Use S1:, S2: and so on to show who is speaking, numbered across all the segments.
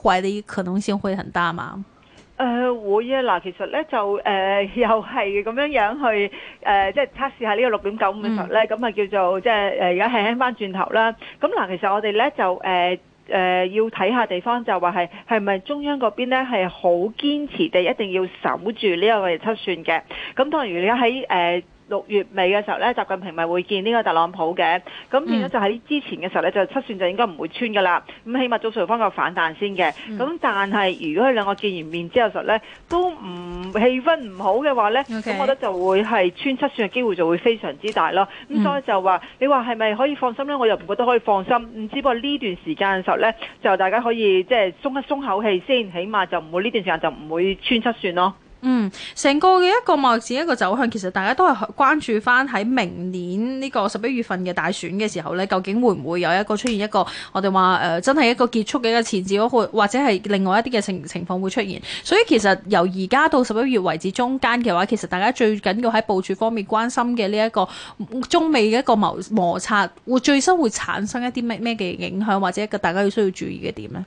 S1: 懷的一可能性會很大嗎？
S2: 誒、呃、會啊嗱，其實咧就誒、呃、又係咁樣樣去誒、呃，即係測試下呢個六點九五嘅時候咧，咁、嗯、啊叫做即係誒而家係輕翻轉頭啦。咁嗱，其實我哋咧就誒誒、呃呃、要睇下地方就，就話係係咪中央嗰邊咧係好堅持地一定要守住呢個七算嘅。咁當然而家喺誒。呃六月尾嘅時候咧，習近平咪會見呢個特朗普嘅，咁變咗就喺之前嘅時候咧、嗯，就七算就應該唔會穿㗎喇。咁起碼做上方嘅反彈先嘅。咁、嗯、但係如果佢兩個見完面之後時咧，都唔氣氛唔好嘅話咧，咁、okay. 我覺得就會係穿七算嘅機會就會非常之大咯。咁所以就話你話係咪可以放心咧？我又唔覺得可以放心。唔知不過呢段時間嘅時候咧，就大家可以即係、就
S1: 是、鬆一鬆口氣先，起碼就唔會呢段時間就唔會穿七算咯。嗯，成個嘅一個貿易一個走向，其實大家都係關注翻喺明年呢個十一月份嘅大選嘅時候咧，究竟會唔會有一個出現一個我哋話誒真係一個結束嘅一個前兆，或者係另外一啲嘅情情況會出現。所以其實由而家到十一月為止中間嘅話，其實大家最緊要喺部署方面關心嘅呢一個中美嘅一個磨摩擦，會最新會產生一啲咩咩嘅影響，或者一個大家要需要注意嘅點咧？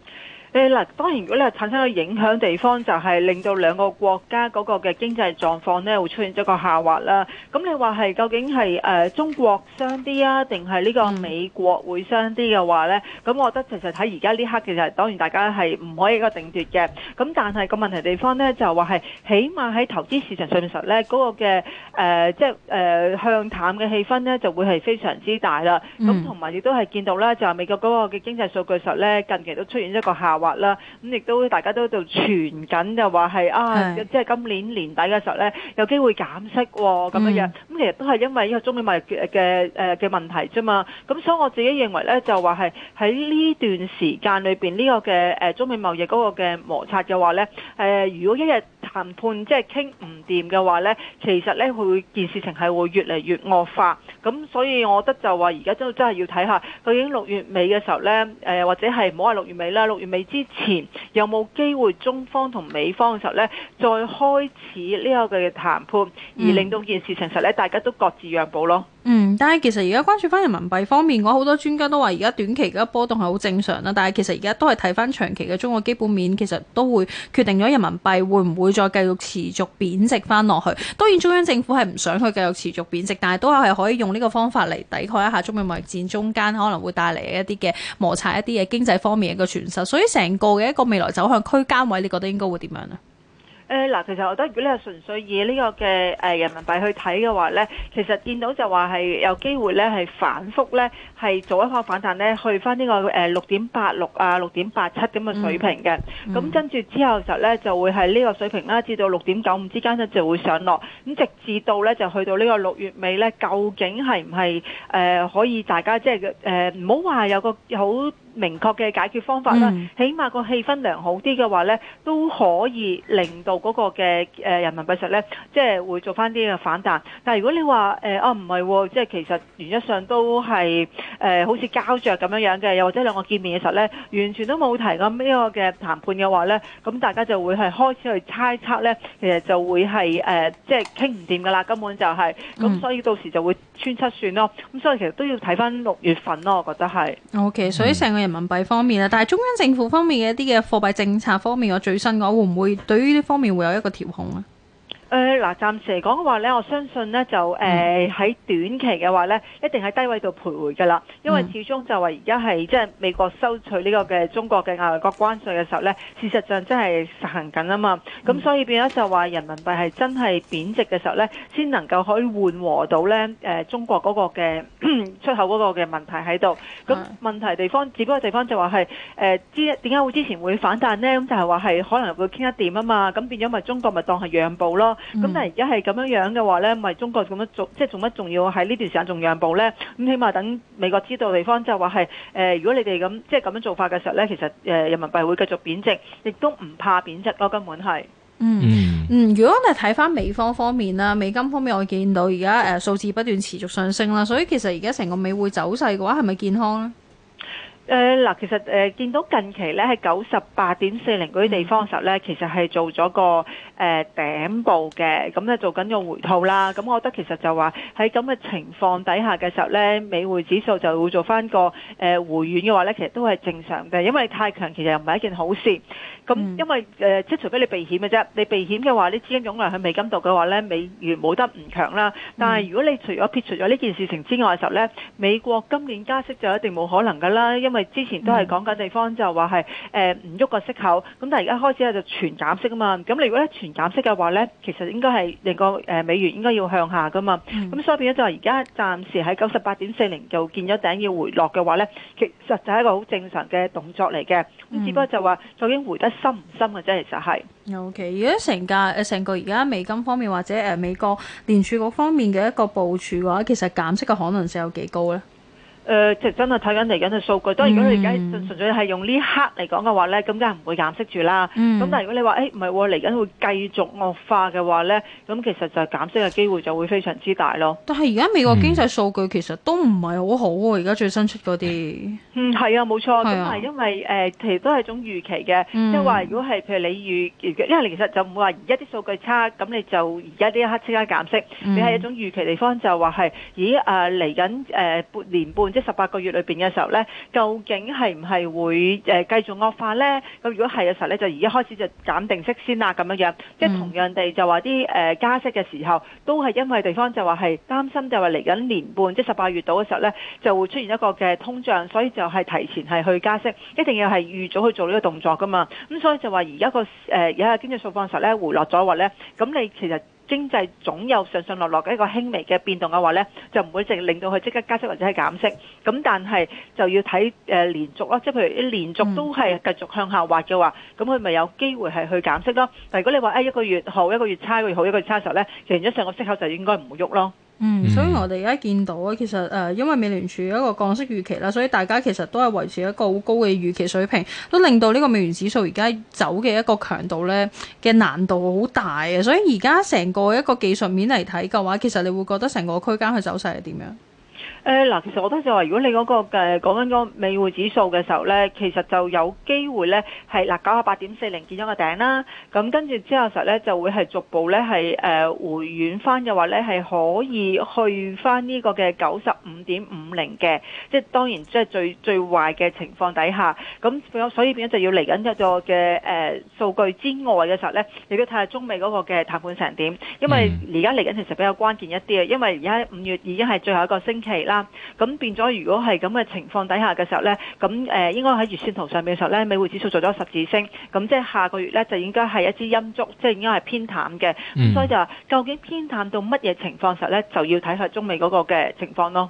S2: 誒當然如果你係產生到影響地方，就係令到兩個國家嗰個嘅經濟狀況呢會出現咗個下滑啦。咁你話係究竟係誒、呃、中國傷啲啊，定係呢個美國會傷啲嘅話呢？咁我覺得實在現在這其實睇而家呢刻，其實當然大家係唔可以一個定奪嘅。咁但係個問題的地方呢，就話係，起碼喺投資市場上邊實呢嗰個嘅誒、呃、即係誒、呃、向淡嘅氣氛呢就會係非常之大啦。咁同埋亦都係見到啦，就係美國嗰個嘅經濟數據實呢近期都出現一個下滑。話啦，咁亦都大家都喺度傳緊，就話係啊，即係今年年底嘅時候咧，有機會減息喎，咁樣樣。咁、嗯、其實都係因為呢個中美貿易嘅誒嘅問題啫嘛。咁所以我自己認為咧，就話係喺呢段時間裏邊，呢、這個嘅誒中美貿易嗰個嘅摩擦嘅話咧，誒、呃、如果一日談判即係傾唔掂嘅話咧，其實咧佢件事情係會越嚟越惡化。咁所以我覺得就話而家都真係要睇下究竟六月尾嘅時候咧，誒、呃、或者係唔好話六月尾啦，六月尾。之前有冇機會中方同美方嘅時候呢，再開始呢個嘅談判，嗯、而令到件事情實呢，大家都各自讓步咯。
S1: 嗯，但係其實而家關注翻人民幣方面，我好多專家都話，而家短期嘅波動係好正常啦。但係其實而家都係睇翻長期嘅中國基本面，其實都會決定咗人民幣會唔會再繼續持續貶值翻落去。當然中央政府係唔想去繼續持續貶值，但係都係可以用呢個方法嚟抵抗一下中美貿易戰中間可能會帶嚟一啲嘅摩擦，一啲嘅經濟方面嘅個傳輸。所以成個嘅一個未來走向區間位，你覺得應該會點樣呢？
S2: 誒嗱，其實我覺得，如果你係純粹以呢個嘅誒人民幣去睇嘅話咧，其實見到就話係有機會咧，係反覆咧，係做一個反彈咧，去翻呢個誒六點八六啊，六點八七咁嘅水平嘅。咁跟住之後就咧就會係呢個水平啦，至到六點九五之間咧就會上落，咁直至到咧就去到呢個六月尾咧，究竟係唔係誒可以大家即係誒唔好話有個好。明確嘅解決方法啦、嗯，起碼個氣氛良好啲嘅話咧，都可以令到嗰個嘅人民幣實呢即係會做翻啲嘅反彈。但係如果你話誒、呃、啊唔係喎，即係其實原則上都係誒、呃、好似膠着咁樣樣嘅，又或者兩個見面嘅時候咧，完全都冇提過呢個嘅談判嘅話咧，咁大家就會係開始去猜測咧，其實就會係誒、呃、即係傾唔掂噶啦，根本就係、是、咁，嗯、所以到時就會穿七算咯。咁所以其實都要睇翻六月份咯，我覺得係
S1: O K，所以成個人民幣方面啊，但係中央政府方面嘅一啲嘅貨幣政策方面，我最新嘅我會唔會對於呢方面會有一個調控啊？
S2: 誒、呃、嗱，暫時嚟講嘅話呢，我相信呢就誒喺、呃嗯、短期嘅話呢，一定喺低位度徘徊㗎啦。因為始終就話而家係即係美國收取呢個嘅中國嘅外國關稅嘅時候呢，事實上真係實行緊啊嘛。咁、嗯、所以變咗就話人民幣係真係貶值嘅時候呢，先能夠可以緩和到呢、呃、中國嗰個嘅出口嗰個嘅問題喺度。咁、嗯、問題地方，只不過地方就話係誒知點解會之前會反彈呢？咁就係話係可能會傾一點啊嘛。咁變咗咪中國咪當係讓步囉。咁、嗯、但係而家係咁樣樣嘅話咧，咪中國咁樣做，即係做乜仲要喺呢段時間仲讓步咧？咁起碼等美國知道的地方就是是，就話係誒，如果你哋咁即係咁樣做法嘅時候咧，其實誒、呃、人民幣會繼續貶值，亦都唔怕貶值咯，根本係。
S1: 嗯嗯，嗯，如果你睇翻美方方面啦，美金方面我見到而家誒數字不斷持續上升啦，所以其實而家成個美匯走勢嘅話係咪健康咧？誒、呃、嗱，其實誒、呃呃、見到近期咧喺九十
S2: 八點四零嗰啲地方嘅時候咧，其實係做咗個。誒、呃、頂部嘅咁咧做緊個回吐啦，咁我覺得其實就話喺咁嘅情況底下嘅時候咧，美匯指數就會做翻個誒、呃、回軟嘅話咧，其實都係正常嘅，因為太強其實又唔係一件好事。咁、嗯、因為誒、呃、即係除非你避險嘅啫，你避險嘅話，你資金湧量喺美金度嘅話咧，美元冇得唔強啦。嗯、但係如果你除咗撇除咗呢件事情之外嘅時候咧，美國今年加息就一定冇可能㗎啦，因為之前都係講緊地方就話係誒唔喐個息口，咁但係而家開始咧就全減息啊嘛。咁你如果咧全減息嘅話咧，其實應該係令個誒美元應該要向下噶嘛。咁、嗯、所以變咗就係而家暫時喺九十八點四零就見咗頂要回落嘅話咧，其實就係一個好正常嘅動作嚟嘅。咁、嗯、只不過就話
S1: 究竟回得深唔深嘅啫，其實係。OK，如果成價誒成個而家美金方面或者誒美國聯儲局方面嘅一個部署嘅話，其實減息嘅可能性有幾高咧？誒、呃，即真係睇緊嚟緊嘅數據。當然，如果你而家純、嗯、純粹係用呢一刻嚟講嘅話咧，咁梗係
S2: 唔會減息住啦。咁、嗯、但係如果你話，誒唔係喎，嚟緊會繼續惡化嘅話咧，咁其實就係減息嘅機會就會非常之大咯。
S1: 但係而家美國經濟數據其實都唔係好好喎。而、嗯、家最新出嗰啲，嗯，係啊，冇錯。咁係、啊、因
S2: 為誒、呃，其實都係一種預期嘅，即係話如果係譬如你預，因為其實就唔會話而家啲數據差，咁你就而家呢一刻即刻減息、嗯。你係一種預期地方就，就話係咦誒嚟緊誒半年半。即十八個月裏邊嘅時候咧，究竟係唔係會誒繼續惡化咧？咁如果係嘅時候咧，就而家開始就減定息先啦，咁樣樣。即係同樣地就話啲誒加息嘅時候，都係因為地方就話係擔心就話嚟緊年半即係十八月到嘅時候咧，就會出現一個嘅通脹，所以就係提前係去加息，一定要係預早去做呢個動作噶嘛。咁所以就話而家個誒而家經濟狀況嘅時候咧回落咗話咧，咁你其實。經濟總有上上落落嘅一個輕微嘅變動嘅話呢就唔會淨係令到佢即刻加息或者係減息。咁但係就要睇誒連續咯，即係譬如連續都係繼續向下滑嘅話，咁佢咪有機會係去減息咯。但如果你話誒一個月好，一個月差，一個月好，一個月差嘅時候咧，成咗上個息口就應該唔會喐咯。
S1: 嗯，所以我哋而家見到其實、呃、因為美聯儲有一個降息預期啦，所以大家其實都係維持一個好高嘅預期水平，都令到呢個美元指數而家走嘅一個強度咧嘅難度好大啊！所以而家成個一個技術面嚟睇嘅話，其實你會覺得成個區間佢走勢係點樣？誒嗱，其實我都就
S2: 話，如果你嗰個誒講緊嗰個美匯指數嘅時候咧，其實就有機會咧係嗱九啊八點四零見咗個頂啦，咁跟住之後實咧就會係逐步咧係誒回軟翻嘅話咧係可以去翻呢個嘅九十五點五零嘅，即係當然即係最最壞嘅情況底下，咁所以變咗就要嚟緊一個嘅誒數據之外嘅時候咧，你都睇下中美嗰個嘅談判成點，因為而家嚟緊其實比較關鍵一啲啊，因為而家五月已經係最後一個星期。啦、嗯，咁變咗如果係咁嘅情況底下嘅時候呢，咁誒應該喺月線圖上面嘅時候呢，美匯指數做咗十字星，咁即係下個月呢，就應該係一支陰燭，即係應該係偏淡嘅。咁所以就話，究竟偏淡到乜嘢情況時候呢，就要睇下中美嗰個嘅情況咯。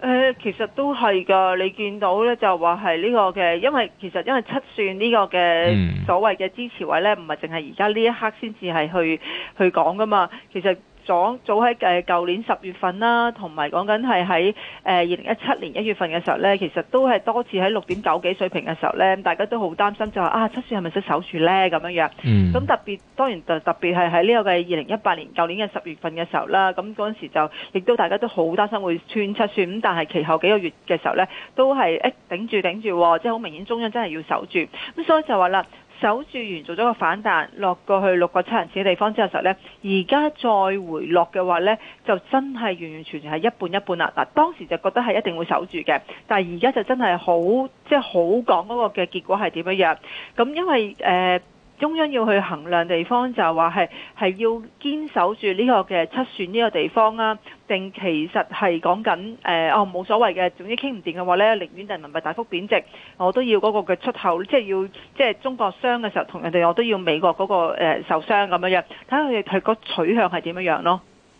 S2: 誒、呃，其實都係噶，你見到咧就話係呢個嘅，因為其實因為七算呢個嘅所謂嘅支持位咧，唔係淨係而家呢一刻先至係去去講噶嘛，其實。講早喺誒舊年十月份啦，同埋講緊係喺二零一七年一月份嘅時候呢，其實都係多次喺六點九幾水平嘅時候呢。大家都好擔心就話啊，七算係咪識守住呢？咁樣樣？咁特別當然就特別係喺呢個嘅二零一八年舊年嘅十月份嘅時候啦，咁嗰陣時就亦都大家都好擔心會穿七算，咁但係其後幾個月嘅時候呢，都係一、欸、頂住頂住，即係好明顯中央真係要守住。咁所以就話啦。守住完做咗個反彈，落過去六個七人次嘅地方之後時呢，實咧而家再回落嘅話呢就真係完完全全係一半一半啦。嗱，當時就覺得係一定會守住嘅，但係而家就真係好即係好講嗰個嘅結果係點樣樣。咁因為誒。呃中央要去衡量地方，就係話係係要堅守住呢個嘅七算呢個地方啦，定其實係講緊誒哦冇所謂嘅，總之傾唔掂嘅話呢寧願人民幣大幅貶值，我都要嗰個嘅出口，即係要即係中國傷嘅時候，同人哋我都要美國嗰個受傷咁樣樣，睇下佢佢個取向係點樣樣咯。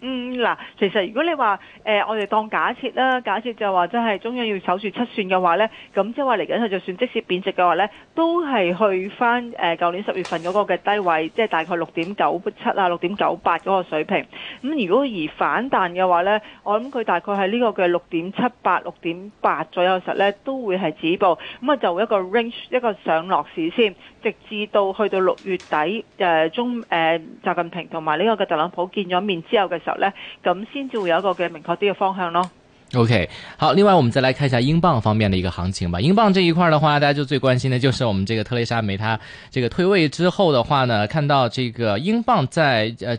S2: 嗯嗱，其實如果你話誒、呃，我哋當假設啦，假設就話真係中央要守住七算嘅話咧，咁即係話嚟緊佢就算即使貶值嘅話咧，都係去返誒舊年十月份嗰個嘅低位，即係大概六點九七啊，六點九八嗰個水平。咁如果而反彈嘅話咧，我諗佢大概係呢個嘅六點七八、六點八左右實咧，都會係止步。咁啊，就一個 range，一個上落市先。直至到去到六月底，誒、呃、中誒、呃、習近平同埋呢個嘅特朗普見咗面之後嘅時候咧，咁先至會有一個嘅明確啲嘅方向咯。
S3: OK，好，另外我們再來看一下英鎊方面嘅一個行情吧。英鎊這一塊嘅話，大家就最關心嘅就是我們這個特蕾莎梅，她這個退位之後嘅話，呢，看到這個英鎊在誒。呃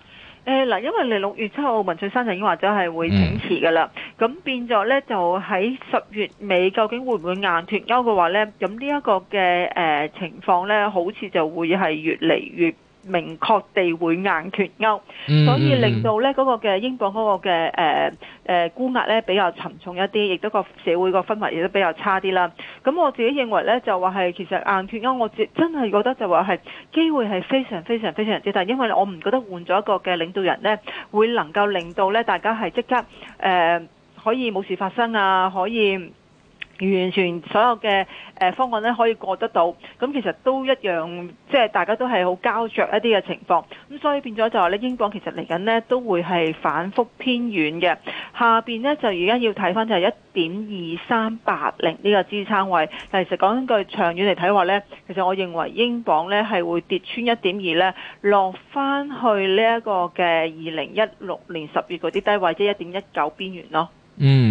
S2: 誒，嗱，因為你六月七號文翠山就已經話咗係會請辭噶啦，咁、嗯、變咗咧就喺十月尾，究竟會唔會硬脱歐嘅話咧？咁、呃、呢一個嘅誒情況咧，好似就會係越嚟越。明確地會硬脱歐、嗯嗯嗯，所以令到咧嗰個嘅英鎊嗰個嘅誒誒沽壓咧比較沉重一啲，亦都個社會個氛圍亦都比較差啲啦。咁我自己認為咧就話係其實硬脱歐，我自真真係覺得就話係機會係非常非常非常之大，但因為我唔覺得換咗一個嘅領導人咧會能夠令到咧大家係即刻誒、呃、可以冇事發生啊，可以。完全所有嘅誒、呃、方案咧可以過得到，咁其實都一樣，即係大家都係好膠着一啲嘅情況。咁所以變咗就話，咧，英鎊其實嚟緊呢都會係反复偏軟嘅。下邊呢就而家要睇翻就係一點二三八零呢個支撐位，但其實講一句長遠嚟睇話呢，其實我認為英鎊呢，係會跌穿一點二呢，落翻去呢一個嘅二零一六年十月嗰啲低位，即係一點一九邊緣咯。嗯。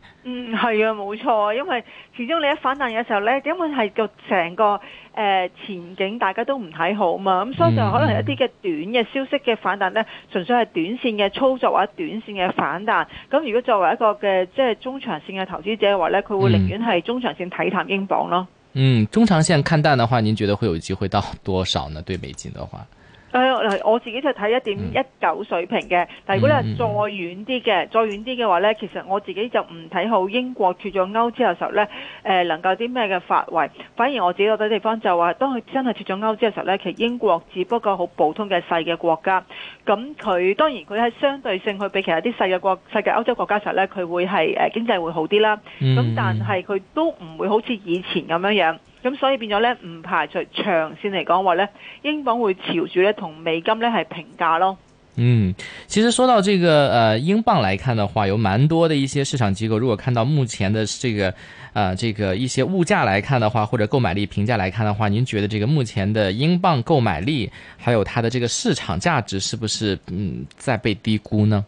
S2: 嗯，係啊，冇錯，因為始終你一反彈嘅時候咧，根本係個成個誒前景大家都唔睇好嘛，咁所以就可能一啲嘅短嘅消息嘅反彈咧、嗯，純粹係短線嘅操作或者短線嘅反彈。咁如果作為一個嘅即係中長線嘅投資者嘅話咧，佢會寧願係中長線睇淡英鎊咯。嗯，
S3: 中長線看淡嘅話，您覺得會有機會到多少呢？對美金嘅話？
S2: 呃、我自己就睇一點一九水平嘅、嗯，但如果你話再遠啲嘅，再、嗯、遠啲嘅話呢，其實我自己就唔睇好英國脱咗歐之後時候呢，呃、能夠有啲咩嘅發圍。反而我自己覺得地方就話，當佢真係脱咗歐之後時候呢，其實英國只不過好普通嘅細嘅國家，咁佢當然佢係相對性去比其他啲細嘅國、細嘅歐洲國家時候呢，佢會係誒經濟會好啲啦。咁、嗯、但係佢都唔會好似以前咁樣樣。咁所以變咗咧，唔排除長線嚟講話咧，英鎊會朝住咧同美金咧係平價咯。嗯，
S3: 其實說到這個，呃，英鎊來看的話，有蠻多的一些市場機構，如果看到目前的這個，呃，這個一些物價來看的話，或者購買力評價來看的話，您覺得這個目前的英鎊購買力，還有它的這個市場價值，是不是嗯，在被低估呢？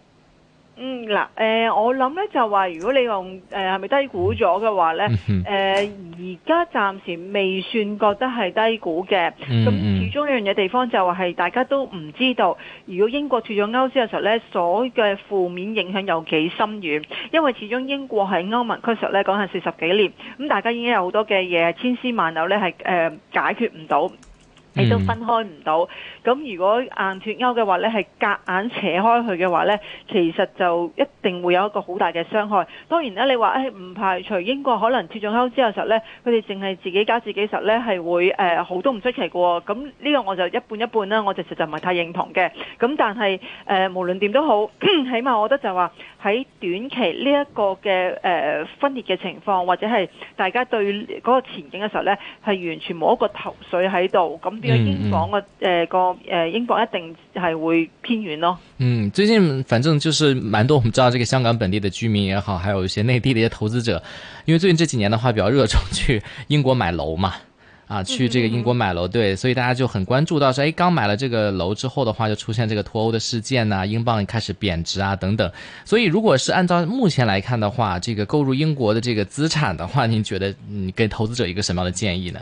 S2: 嗯嗱、呃，我諗咧就話，如果你用誒係咪低估咗嘅話咧，而 家、呃、暫時未算覺得係低估嘅。咁始終呢樣嘢地方就係話，係大家都唔知道，如果英國脫咗歐之後嘅時候咧，所嘅負面影響有幾深遠，因為始終英國喺歐盟其實咧講係四十幾年，咁大家已經有好多嘅嘢千絲萬縷咧係、呃、解決唔到。你、mm -hmm. 都分開唔到，咁如果硬脱歐嘅話呢，係夾硬扯開佢嘅話呢，其實就一定會有一個好大嘅傷害。當然啦，你話唔、哎、排除英國可能脱咗歐之後實呢佢哋淨係自己搞自己實呢係會、呃、好都唔出奇嘅喎、哦。咁呢個我就一半一半啦，我其實就唔係太認同嘅。咁但係、呃、無論點都好， 起碼我覺得就話喺短期呢一個嘅、呃、分裂嘅情況，或者係大家對嗰個前景嘅時候呢係完全冇一個頭緒喺度咁。因為英房個誒個誒，英國一定係會偏遠咯。
S3: 嗯，最近反正就是蠻多，我們知道這個香港本地的居民也好，還有一些內地的一些投資者，因為最近這幾年的話比較熱衷去英國買樓嘛，啊，去這個英國買樓，對，所以大家就很關注到說，誒，剛買了這個樓之後的話，就出現這個脫歐的事件呐、啊，英鎊開始貶值啊，等等。所以如果是按照目前來看的話，這個購入英國的這個資產的話，您覺得嗯，給投資者一個什麼樣的建議呢？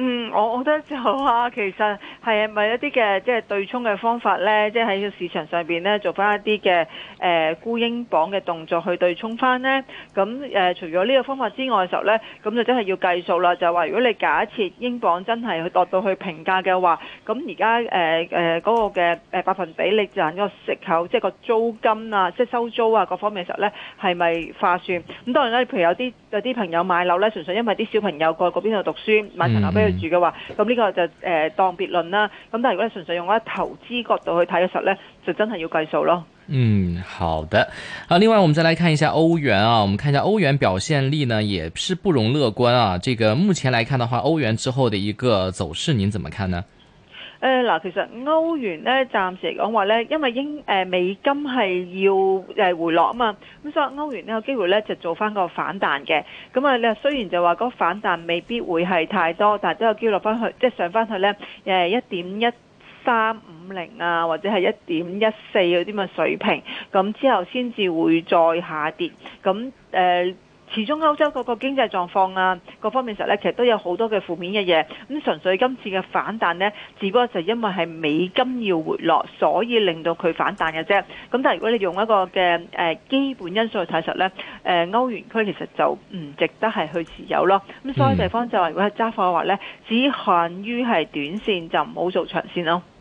S2: 嗯，我覺得就話其實係咪一啲嘅即係對沖嘅方法咧，即係喺個市場上邊咧做翻一啲嘅誒沽英鎊嘅動作去對沖翻咧？咁誒除咗呢個方法之外嘅時候咧，咁就真係要計數啦。就話如果你假設英鎊真係落到去平價嘅話，咁而家誒誒嗰個嘅誒百分比例就係個息口即係個租金啊，即係收租啊各方面嘅時候咧，係咪划算？咁當然咧，譬如有啲有啲朋友買樓咧，純粹因為啲小朋友過嗰邊度讀書買層樓俾佢住嘅話，咁呢個就誒當別論啦。咁但係如果你純粹用一個投資角度去睇嘅時候咧，就真係要計數咯。嗯，
S3: 好的。啊，另外我們再來看一下歐元啊，我們看一下歐元表現力呢，也是不容樂觀啊。這個目前來看的話，歐元之後的一個走勢，您怎麼看呢？
S2: 誒、呃、嗱，其實歐元咧，暫時嚟講話咧，因為英誒、呃、美金係要誒回落啊嘛，咁所以歐元呢，有機會咧就做翻個反彈嘅。咁啊，你雖然就話嗰反彈未必會係太多，但係都有機會落翻去，即、就、係、是、上翻去咧誒一點一三五零啊，或者係一點一四嗰啲咁嘅水平，咁之後先至會再下跌。咁誒。呃始終歐洲嗰個經濟狀況啊，各方面實咧，其實都有好多嘅負面嘅嘢。咁純粹今次嘅反彈呢，只不過就因為係美金要回落，所以令到佢反彈嘅啫。咁但係如果你用一個嘅基本因素去睇實呢，歐元區其實就唔值得係去持有咯。咁所以地方就話，如果係揸貨嘅話呢，只限於係短線，就唔好做長線咯。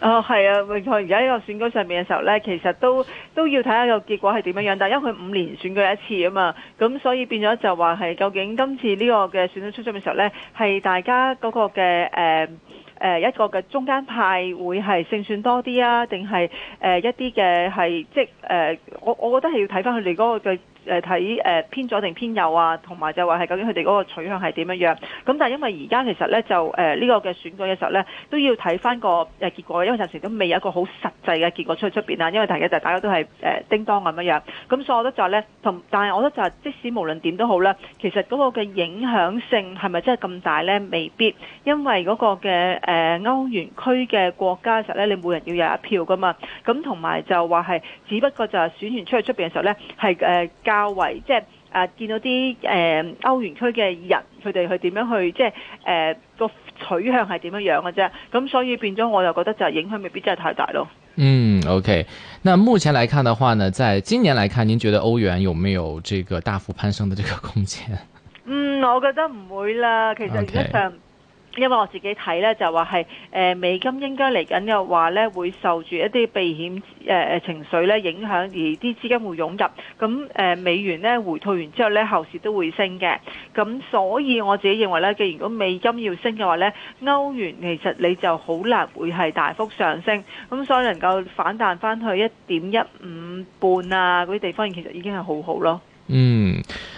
S2: 哦，係啊，唔佢而家呢個選舉上面嘅時候呢，其實都都要睇下個結果係點樣。但因為佢五年選舉一次啊嘛，咁所以變咗就話係究竟今次呢個嘅選舉出眾嘅時候呢，係大家嗰個嘅誒、呃呃、一個嘅中間派會係勝算多啲啊，定係、呃、一啲嘅係即係誒、呃、我我覺得係要睇翻佢哋嗰個嘅。誒睇誒偏左定偏右啊，同埋就話係究竟佢哋嗰個取向係點樣樣？咁但係因為而家其實咧就誒呢個嘅選舉嘅時候咧，都要睇翻個結果，因為暫時都未有一個好實際嘅結果出去出邊啦。因為大家就大家都係叮當咁樣，咁所以我覺得就係咧同，但係我覺得就係即使無論點都好啦，其實嗰個嘅影響性係咪真係咁大咧？未必，因為嗰個嘅誒歐元區嘅國家嘅時候咧，你每人要有一票噶嘛。咁同埋就話係，只不過就係選完出去出邊嘅時候咧，係較為即係誒，見到啲誒歐元區嘅人，佢哋去點樣去即係誒個取向係點樣樣嘅啫。咁所以變咗，我又覺得就係影響未必真係太大咯。嗯
S3: ，OK。那目前嚟看嘅話呢，在今年來看，您覺得歐元有沒有這個大幅攀升的這個空間？
S2: 嗯，我覺得唔會啦。其實而家上。Okay. 因為我自己睇呢，就話係誒美金應該嚟緊嘅話呢，會受住一啲避險誒、呃、情緒呢影響，而啲資金會湧入，咁誒、呃、美元呢，回吐完之後呢，後市都會升嘅。咁所以我自己認為呢，既然如果美金要升嘅話呢，歐元其實你就好難會係大幅上升，咁所以能夠反彈返去一點一五半啊嗰啲地方，其實已經係好好咯。嗯。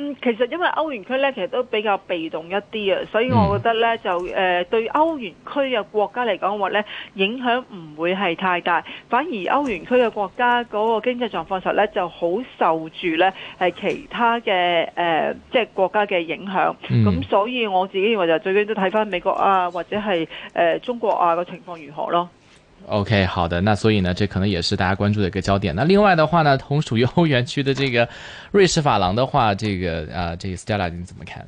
S2: 嗯，其實因為歐元區咧，其實都比較被動一啲啊，所以我覺得咧就誒、呃、對歐元區嘅國家嚟講話咧，影響唔會係太大，反而歐元區嘅國家嗰個經濟狀況實咧就好受住咧係其他嘅誒、呃、即係國家嘅影響，咁、嗯、所以我自己認為就最緊要睇翻美國啊或者係、呃、中國啊嘅情況如何咯。
S3: O.K. 好的，那所以呢，這可能也是大家關注的一個焦點。那另外的話呢，同屬於歐元區的這個瑞士法郎的話，這個啊，呃這個 Stella，你點睇？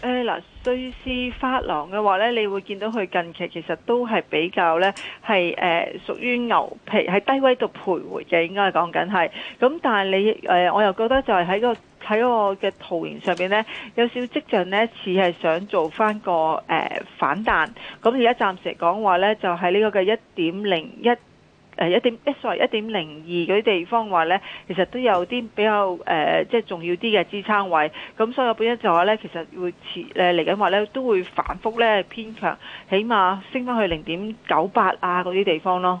S3: 誒、呃、嗱，
S2: 瑞士法郎嘅話呢，你會見到佢近期其實都係比較呢，係誒屬於牛皮喺低位度徘徊嘅，應該係講緊係。咁但係你誒、呃，我又覺得就係喺個。喺我嘅圖形上邊呢，有少跡象呢似係想做翻個誒、呃、反彈。咁而家暫時嚟講話呢，就喺、是、呢個嘅一、呃、點零一誒一點一，所謂一點零二嗰啲地方話呢，其實都有啲比較誒、呃、即係重要啲嘅支撐位。咁所以我本身就話呢，其實會遲誒嚟緊話呢，都會反覆呢偏強，起碼升翻去零點九八啊嗰啲地方咯。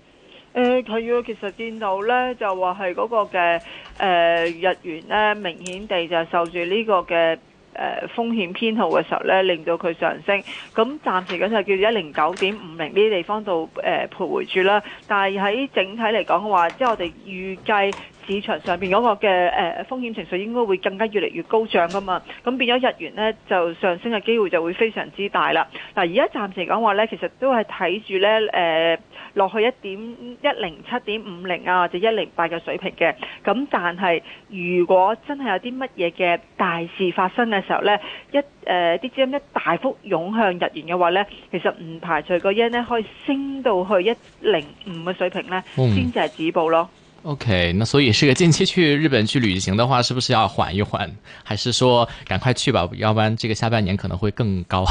S2: 誒係啊，其實見到呢，就話係嗰個嘅誒、呃、日元呢，明顯地就受住呢個嘅誒、呃、風險偏好嘅時候呢，令到佢上升。咁暫時嗰就叫一零九點五零呢啲地方度誒徘徊住啦。但係喺整體嚟講嘅話，即、就、係、是、我哋預計，市場上面嗰個嘅誒風險情緒應該會更加越嚟越高漲㗎嘛，咁變咗日元咧就上升嘅機會就會非常之大啦。嗱，而家暫時講話咧，其實都係睇住咧誒落去一點一零七點五零啊，或者一零八嘅水平嘅。咁但係如果真係有啲乜嘢嘅大事發生嘅時候咧，一誒啲、呃、資金一大幅湧向日元嘅話咧，其實唔排除個 yen 咧可以升到去一零五嘅水平咧，先至係止步咯。
S3: OK，那所以是個近期去日本去旅行的話，是不是要緩一緩？還是說趕快去吧？要不然這個下半年可能會更高。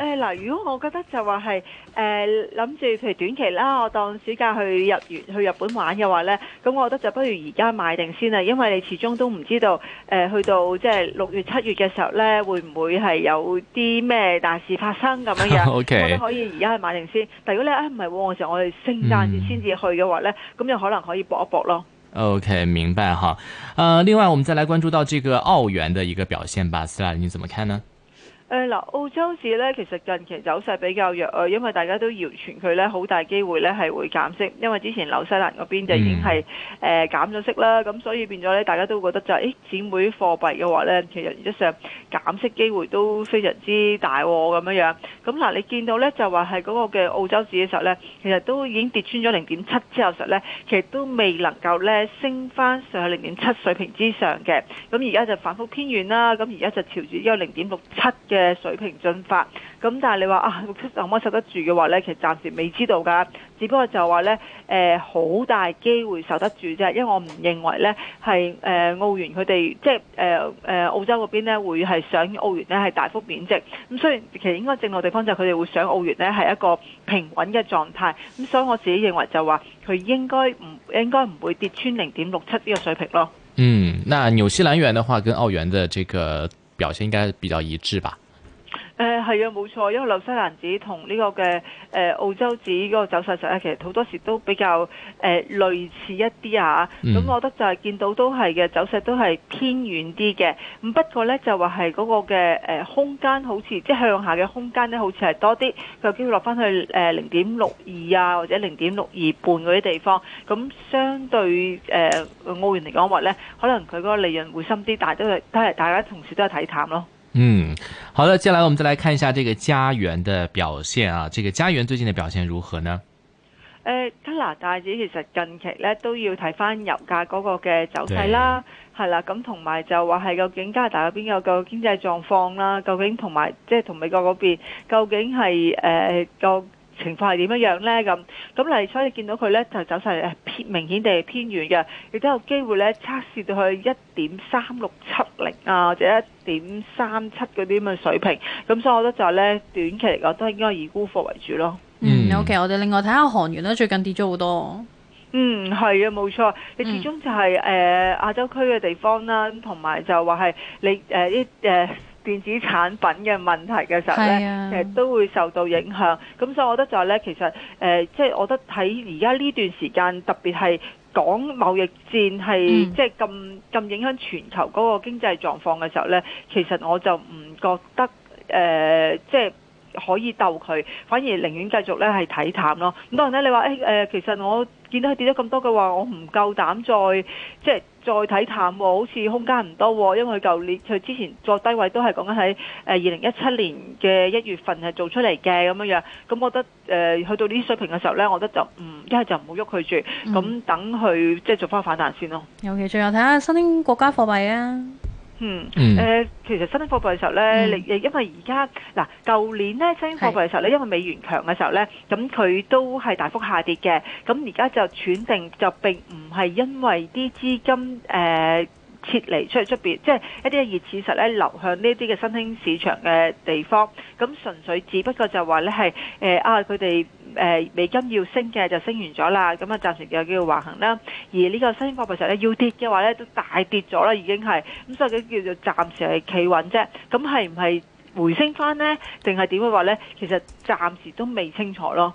S2: 誒、呃、嗱，如果我覺得就話係誒諗住譬如短期啦，我當暑假去日月去日本玩嘅話咧，咁我覺得就不如而家買定先啦，因為你始終都唔知道誒、呃、去到即係六月七月嘅時候咧，會唔會係有啲咩大事發生咁樣樣？Okay. 我覺得可以而家係買定先。但如果你啊唔係往嘅時我哋聖誕節先至去嘅話咧，咁、嗯、又可能可以搏一搏咯。
S3: OK，明白哈。誒、呃，另外我們再來關注到這個澳元嘅一個表現吧，斯拉，你怎麼看呢？
S2: 誒嗱，澳洲市咧其實近期走勢比較弱啊，因為大家都謠傳佢咧好大機會咧係會減息，因為之前紐西蘭嗰邊就已經係誒、mm. 呃、減咗息啦，咁所以變咗咧大家都覺得就係誒姊妹貨幣嘅話咧，其實實質上減息機會都非常之大喎、啊，咁樣樣。咁嗱，你見到咧就話係嗰個嘅澳洲市嘅時候咧，其實都已經跌穿咗零點七之後實咧，其實都未能夠咧升翻上去零點七水平之上嘅。咁而家就反覆偏軟啦，咁而家就朝住一個零點六七嘅。嘅水平進發，咁但係你話啊六七就可受得住嘅話呢？其實暫時未知道噶，只不過就話呢，誒好大機會受得住啫，因為我唔認為呢係誒澳元佢哋即係誒誒澳洲嗰邊呢會係上澳元呢係大幅貶值，咁雖然其實應該正路地方就係佢哋會上澳元呢係一個平穩嘅狀態，咁所以我自己認為就話佢應該唔應該唔會跌穿零點六七呢個水平咯。嗯，
S3: 那紐西蘭元嘅話，跟澳元嘅這個表現應該比較一致吧？
S2: 誒係啊，冇錯，因為紐西蘭紙同呢個嘅誒、呃、澳洲紙嗰個走勢上咧，其實好多時都比較誒、呃、類似一啲啊。咁、嗯、我覺得就係見到都係嘅走勢都係偏遠啲嘅。咁不過咧就話係嗰個嘅空間好似即係向下嘅空間咧，好似係多啲，佢有機會落翻去誒零點六二啊或者零點六二半嗰啲地方。咁相對誒、呃、澳元嚟講話咧，可能佢嗰個利潤會深啲，但係都係都係大家同時都係睇淡咯。
S3: 嗯，好的，接下來我們再來看一下這個加元的表現啊，這個加元最近的表現如何呢？
S2: 誒，加拿大其實近期呢都要睇返油價嗰個嘅走勢啦，係啦，咁同埋就話係究竟加拿大嗰邊有個經濟狀況啦，究竟同埋即係同美國嗰邊究竟係誒、呃、個。情況係點樣樣咧？咁咁嚟，所以見到佢咧就走勢係偏明顯地偏軟嘅，亦都有機會咧測試到去一點三六七零啊，或者一點三七嗰啲咁嘅水平。咁所以我覺得就係咧短期嚟講都應該以沽貨為主咯。
S1: 嗯，OK，我哋另外睇下韓元啦，最近跌咗好多。
S2: 嗯，係啊，冇錯。你始終就係、是、誒、嗯呃、亞洲區嘅地方啦，同埋就話係你誒呢誒。呃電子產品嘅問題嘅時候呢，啊、其實都會受到影響。咁所以，我覺得就係呢，其實即係、呃即係、我覺得喺而家呢段時間，特別係講貿易戰係即係咁咁影響全球嗰個經濟狀況嘅時候呢，其實我就唔覺得即係、呃即係、可以鬥佢，反而寧願繼續呢係睇淡咯。咁當然咧，你話、欸呃、其實我見到佢跌咗咁多嘅話，我唔夠膽再即係。即係再睇淡，好似空間唔多，因為佢舊年佢之前作低位都係講緊喺誒二零一七年嘅一月份係做出嚟嘅咁樣樣，咁我覺得誒、呃、去到呢啲水平嘅時候呢，我覺得就唔一係就唔好喐佢住，咁等佢即係做翻個反彈先咯、嗯。
S1: 尤其仲有睇下新興國家貨幣啊。
S2: 嗯，誒、嗯，其實新興貨幣嘅時候咧，你、嗯、因為而家嗱，舊年咧，新興貨幣嘅時候咧，因為美元強嘅時候咧，咁佢都係大幅下跌嘅。咁而家就斷定就並唔係因為啲資金誒、呃、撤離出去出邊，即、就、係、是、一啲熱錢實咧流向呢啲嘅新興市場嘅地方。咁純粹只不過就話咧係誒啊，佢哋。呃他們誒、呃、美金要升嘅就升完咗啦，咁啊暫時又叫做橫行啦。而呢個新貨幣上咧要跌嘅話咧，都大跌咗啦，已經係咁，所以佢叫做暫時係企穩啫。咁係唔係回升翻呢？定係點嘅話咧？其實暫時都未清楚咯。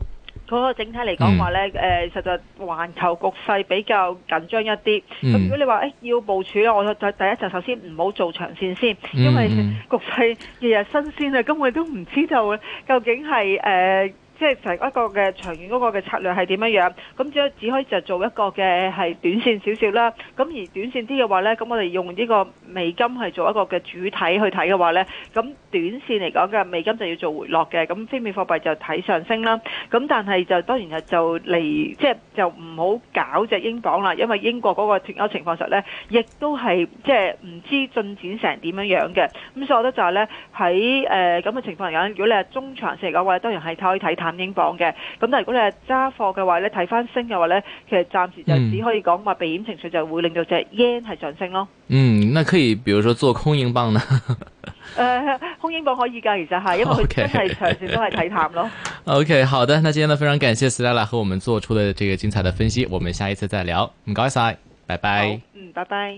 S2: 嗰個整體嚟講話呢，誒、嗯，實在環球局勢比較緊張一啲。咁、嗯、如果你話誒要部署，我第第一就首先唔好做長線先、嗯，因為局勢日日新鮮啊，根本都唔知道究竟係誒。呃即係成一個嘅長遠嗰個嘅策略係點樣樣？咁只可以只可以就做一個嘅係短線少少啦。咁而短線啲嘅話咧，咁我哋用呢個美金係做一個嘅主體去睇嘅話咧，咁短線嚟講嘅美金就要做回落嘅。咁非美貨幣就睇上升啦。咁但係就當然係就嚟即係就唔好搞隻英鎊啦，因為英國嗰個脫歐情況實咧，亦都係即係唔知進展成點樣樣嘅。咁所以我覺得就係咧喺誒咁嘅情況嚟講，如果你係中長線嚟講，我哋當然係睇可以睇淡。英鎊嘅，咁但係如果你係揸貨嘅話咧，睇翻升嘅話咧，其實暫時就只可以講話避險情緒就會令到隻 yen 係上升咯。嗯，
S3: 那可以，比如說做空英鎊呢？誒
S2: 空英鎊可以噶，其實係，因為佢真係長線都係睇淡
S3: 咯。 okay, OK，好的，那今天呢非常感謝 Stella 和我們做出的這個精彩的分析，我們下一次再聊。唔該晒，拜拜。
S2: 嗯，拜拜。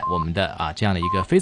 S3: 我們的啊，這樣的一個非。